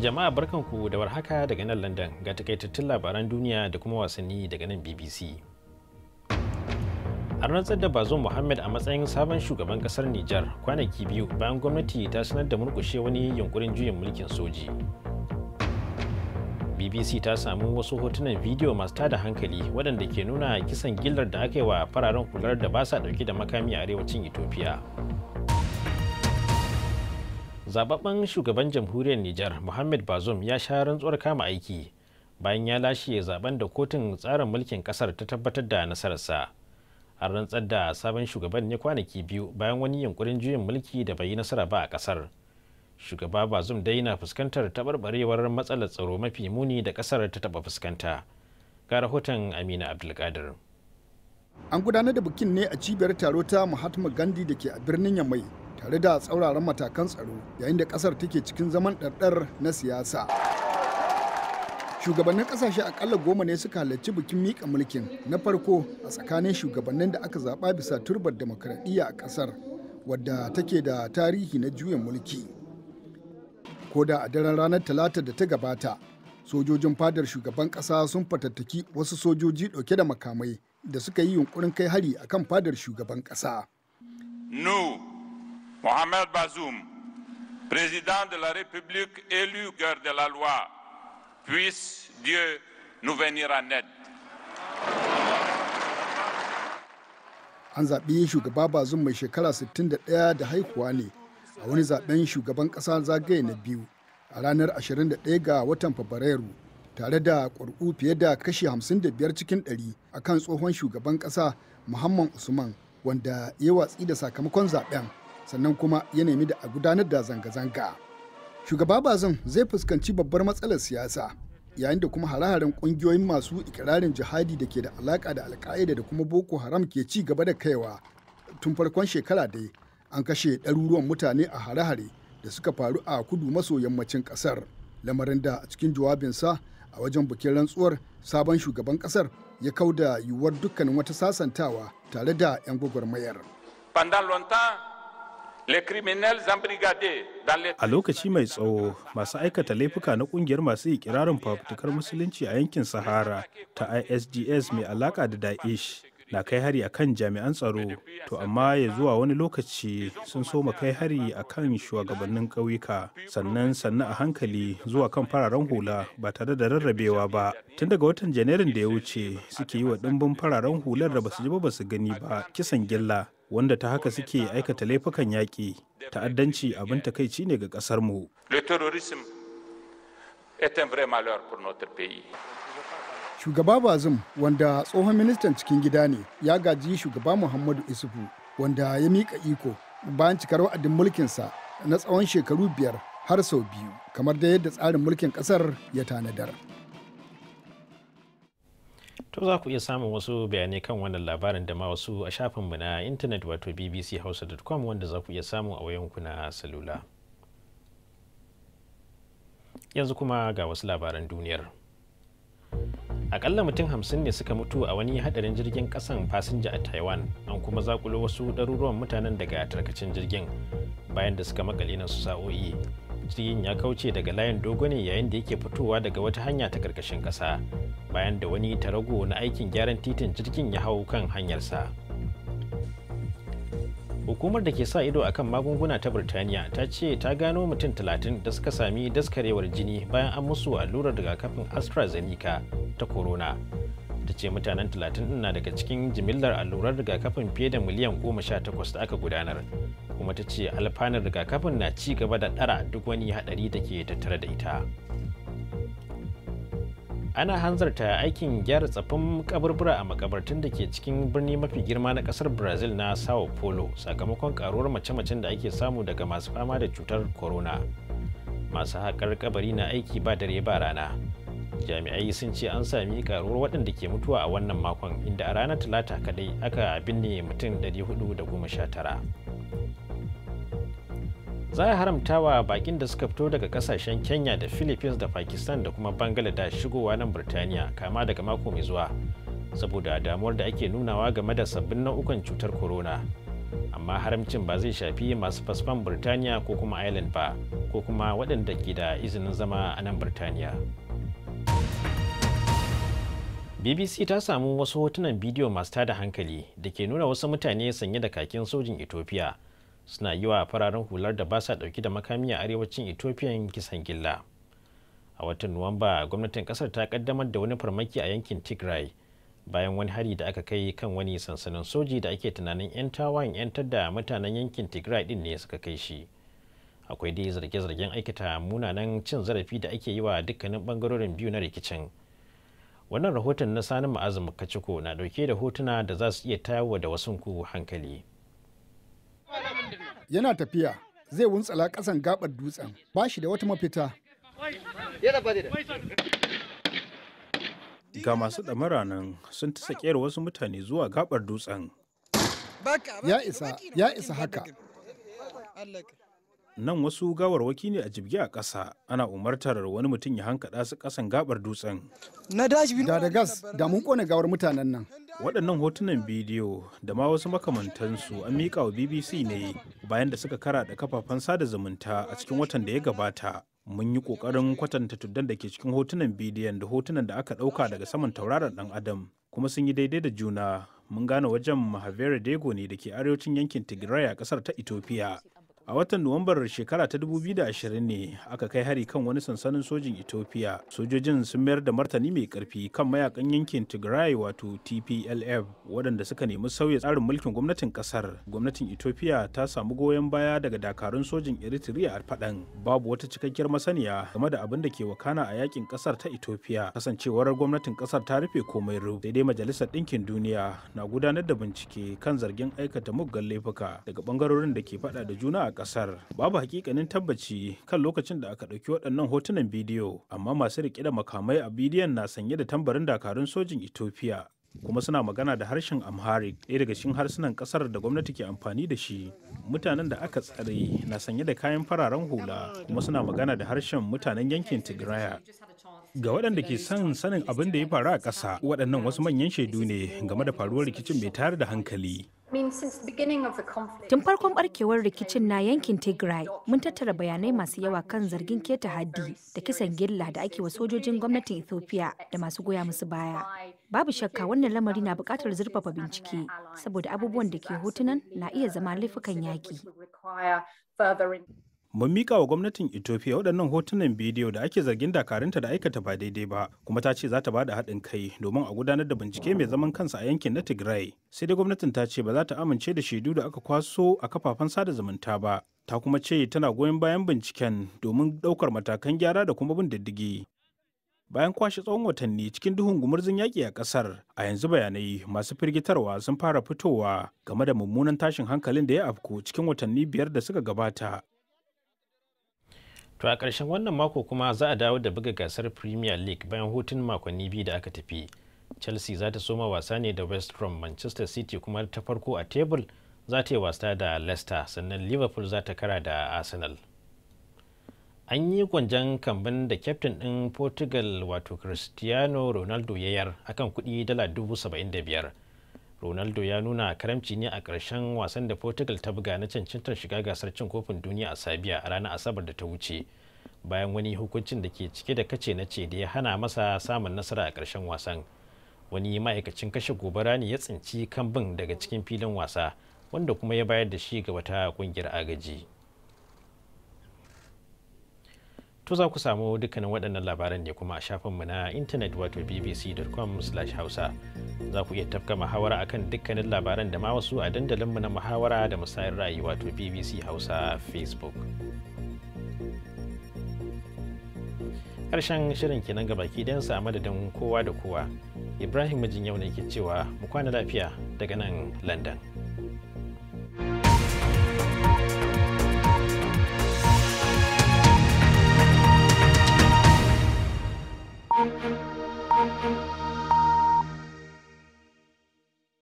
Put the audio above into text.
Jama'a barkanku da warhaka daga nan London ga takaitattun labaran duniya da kuma wasanni daga nan BBC. a rantsar da bazo muhammad a matsayin sabon shugaban kasar nijar kwanaki biyu bayan gwamnati ta sanar da murkushe wani yunkurin juyin mulkin soji bbc ta samu wasu hotunan bidiyo masu tada hankali waɗanda ke nuna kisan gillar da aka yi wa fararen kular da ba sa ɗauke da makami a arewacin ethiopia zababben shugaban jamhuriyar nijar muhammad bazoum ya sha rantsuwar kama aiki bayan ya lashe zaben da kotun tsarin mulkin kasar ta tabbatar da nasararsa a rantsar da sabon shugaban ne kwanaki biyu bayan wani yunkurin juyin mulki da bai yi nasara ba a kasar shugaba bazum dai na fuskantar tabarbarewar matsalar tsaro mafi muni da kasar ta taɓa fuskanta ga rahoton amina abdulkadir an gudanar da bikin ne a cibiyar taro ta mahatma gandhi da ke a birnin yamai tare da tsauraran matakan tsaro yayin da kasar take cikin zaman ɗarɗar na siyasa shugabannin kasashe akalla goma ne suka halarci bikin mika mulkin na farko a tsakanin shugabannin da aka zaba bisa turbar demokradiyya a kasar wadda take da tarihi na juyin mulki ko da a daren ranar talata da ta gabata sojojin fadar shugaban kasa sun fatattaki wasu sojoji dauke da makamai da suka yi yunkurin kai hari akan fadar shugaban kasa nu mohamed bazoum president de la république élu de la loi Puisse Dieu nous venir en aide. An zaɓi shugaba bazum mai shekara 61 da haihuwa ne a wani zaɓen shugaban ƙasa zagaye na biyu a ranar 21 ga watan Fabrairu tare da ƙwarƙu fiye da kashi 55 cikin 100 a kan tsohon shugaban ƙasa Muhammad Usman wanda ya watsi da sakamakon zaɓen sannan kuma ya nemi da a gudanar da zanga-zanga. shugaba bazan zai fuskanci babbar matsalar siyasa yayin da kuma hare-haren kungiyoyin masu ikirarin jihadi da ke da alaka da alka'ida da kuma boko haram ke ci gaba da kaiwa tun farkon shekara dai an kashe ɗaruruwan mutane a hare-hare da suka faru a kudu maso yammacin ƙasar lamarin da a cikin jawabinsa a wajen bikin rantsuwar sabon shugaban ƙasar ya kauda yiwuwar dukkanin wata sasantawa tare da 'yan gwagwarmayar. A lokaci mai tsawo masu aikata laifuka na kungiyar masu ikirarin fafutukar musulunci a yankin Sahara ta ISDS mai alaka da Daesh na kai hari a kan jami'an tsaro to amma ya zuwa wani lokaci sun soma kai hari a kan shugabannin ƙauyuka sannan sannan a hankali zuwa kan fararen hula ba tare da rarrabewa ba tun daga watan janairun da ya wuce suke yi wa dimbin fararen hular da basu ji ba basu gani ba kisan gilla wanda ta haka suke aikata laifukan yaƙi ta'addanci abin takaici ne ga ƙasar mu shugaba bazum wanda tsohon ministan cikin gida ne ya gaji shugaba muhammadu isufu wanda ya mika iko bayan cikar wa'adin mulkinsa na tsawon shekaru biyar har sau biyu kamar da yadda tsarin mulkin ƙasar ya tanadar. To za ku iya samun wasu bayanai kan wannan labarin da ma wasu a shafinmu na intanet wato bbchausa.com wanda za ku iya samu a wayanku na salula. Yanzu kuma ga wasu labaran duniyar. Akalla mutum hamsin ne suka mutu a wani hadarin jirgin kasan fasinja a Taiwan, an kuma zakulo wasu ɗaruruwan mutanen daga tarkacin jirgin bayan da suka makale na su sa'o'i. jirgin ya kauce daga layin dogo yayin da yake fitowa daga wata hanya ta karkashin kasa bayan da wani tarago na aikin gyaran titin jirgin ya hau kan hanyarsa hukumar da ke sa ido akan magunguna ta birtaniya ta ce ta gano mutum 30 da suka sami daskarewar jini bayan an musu allurar rigakafin astrazeneca ta corona ta ce mutanen 30 na daga cikin jimillar allurar rigakafin fiye da miliyan 18 da aka gudanar kuma ta ce alfanun rigakafin na ci gaba da dara duk wani hadari da ke tattare da ita ana hanzarta aikin gyara tsafin kaburbura a makabartun da ke cikin birni mafi girma na kasar brazil na sao paulo sakamakon karuwar mace-macen da ake samu daga masu fama da cutar corona masu haƙar kabari na aiki ba dare ba rana jami'ai sun ce an sami karuwar waɗanda ke mutuwa a wannan makon inda a ranar talata kadai aka binne mutum 419 za a haramta wa bakin da suka fito daga kasashen kenya da philippines da pakistan da kuma bangladesh shigowa nan birtaniya kama daga mako mai zuwa saboda damuwar da ake nunawa game da sabbin nau'ukan cutar corona amma haramcin ba zai shafi masu fasfan birtaniya ko kuma ireland ba ko kuma waɗanda ke da izinin zama a nan birtaniya bbc ta samu wasu hotunan bidiyo masu tada hankali da ke nuna wasu mutane sanye da kakin sojin ethiopia suna yi wa fararen hular da ba sa dauki da makami a arewacin ethiopia kisan gilla a watan nuwamba gwamnatin kasar ta kaddamar da wani farmaki a yankin tigray bayan wani hari da aka kai kan wani sansanin soji da ake tunanin 'yan tawayen 'yantar da mutanen yankin tigray din ne suka kai shi akwai dai zarge-zargen aikata munanan cin zarafi da ake yi wa dukkanin bangarorin biyu na rikicin wannan rahoton na sani ma'azin kaciko na dauke da hotuna da za su iya tayawa da wasu ku hankali yana tafiya zai wuntsala kasan gabar dutsen ba shi da wata mafita ga masu ɗamara nan sun ta sakiyar wasu mutane zuwa gabar dutsen ya isa ya isa haka nan wasu gawarwaki ne a jibge a ƙasa ana umartar wani mutum ya hankaɗa su ƙasan gabar dutsen. Na da gas da mun kone gawar mutanen nan. Waɗannan hotunan bidiyo da ma wasu makamantansu an miƙa wa BBC ne bayan da suka kara da kafafen sada zumunta a cikin watan da ya gabata. Mun yi ƙoƙarin kwatanta tuddan da ke cikin hotunan bidiyon da hotunan da aka ɗauka daga saman tauraron ɗan Adam kuma sun yi daidai da juna mun gane wajen Mahavira Dego ne da ke arewacin yankin Tigray a ƙasar ta Ethiopia. a watan nuwambar shekara ta 2020 ne aka kai hari kan wani sansanin sojin ethiopia sojojin sun mayar da martani mai karfi kan mayakan yankin tigray wato tplf waɗanda suka nemi sauya tsarin mulkin gwamnatin ƙasar. gwamnatin ethiopia ta samu goyon baya daga dakarun sojin eritrea a faɗan babu wata cikakkiyar masaniya game da abin da ke wakana a yakin ƙasar ta ethiopia kasancewar gwamnatin ƙasar ta rufe komai ru daidai majalisar ɗinkin duniya na gudanar da bincike kan zargin aikata muggan laifuka daga bangarorin da ke faɗa da juna a kasar babu hakikanin tabbaci kan lokacin da aka ɗauki waɗannan hotunan bidiyo amma masu riƙe da makamai a bidiyon na sanye da tambarin dakarun sojin ethiopia kuma suna magana da harshen amharic ɗaya daga cikin harsunan ƙasar da gwamnati ke amfani da shi mutanen da aka tsare na sanye da kayan fararen hula kuma suna magana da harshen mutanen yankin tigraya ga waɗanda ke son sanin abin da ya faru a ƙasa waɗannan wasu manyan shaidu ne game da faruwar rikicin mai tare da hankali Tun farkon barkewar rikicin na yankin Tigray, mun tattara bayanai masu yawa kan zargin keta haddi da kisan gilla da ake wa sojojin gwamnatin Ethiopia da masu goya musu baya. Babu shakka wannan lamari na bukatar zurfafa bincike, saboda abubuwan da ke hotunan na iya zama laifukan yaƙi. mun mika wa gwamnatin Ethiopia waɗannan hotunan bidiyo da ake zargin dakarunta da aikata ba daidai ba, kuma ta ce za ta bada haɗin kai domin a gudanar da bincike mai zaman kansa a yankin na Tigray. Sai dai gwamnatin ta ce ba za ta amince da shaidu da aka kwaso a kafafen sada zumunta ba. Ta kuma ce tana goyon bayan binciken domin ɗaukar matakan gyara da kuma bin diddigi. bayan kwashe tsawon watanni cikin duhun gumurzun yaƙi a ƙasar a yanzu bayanai masu firgitarwa sun fara fitowa game da mummunan tashin hankalin da ya afku cikin watanni biyar da suka gabata To a ƙarshen wannan mako kuma za a dawo da buga gasar Premier League bayan hutun makonni biyu da aka tafi. Chelsea za ta soma wasa ne da West Brom, Manchester City kuma ta farko a tebul za ta yi wasa da Leicester sannan Liverpool za ta kara da Arsenal. An yi gwanjan kambin da captain din Portugal wato Cristiano Ronaldo yayar akan kudi dala dubu saba'in da biyar. ronaldo ya nuna karamci ne a karshen wasan da portugal ta buga na cancantar shiga gasar cin kofin duniya a sabiya a ranar asabar da ta wuce bayan wani hukuncin da ke cike da kace na ce da ya hana masa samun nasara a ƙarshen wasan wani ma'aikacin kashe gobara ne ya tsinci kambin daga cikin filin wasa wanda kuma ya bayar da shi ga wata ƙungiyar agaji. To za ku samu dukkanin waɗannan labaran ne kuma a shafinmu na intanet wato bbc.com/hausa. Za ku iya tafka muhawara kan dukkanin labaran da ma wasu a dandalinmu na muhawara da musayar ra'ayi wato BBC Hausa Facebook. Ƙarshen shirin kenan ga baki don sa madadin kowa da kowa. Ibrahim Mijin yau ne ke cewa mu kwana lafiya daga nan London.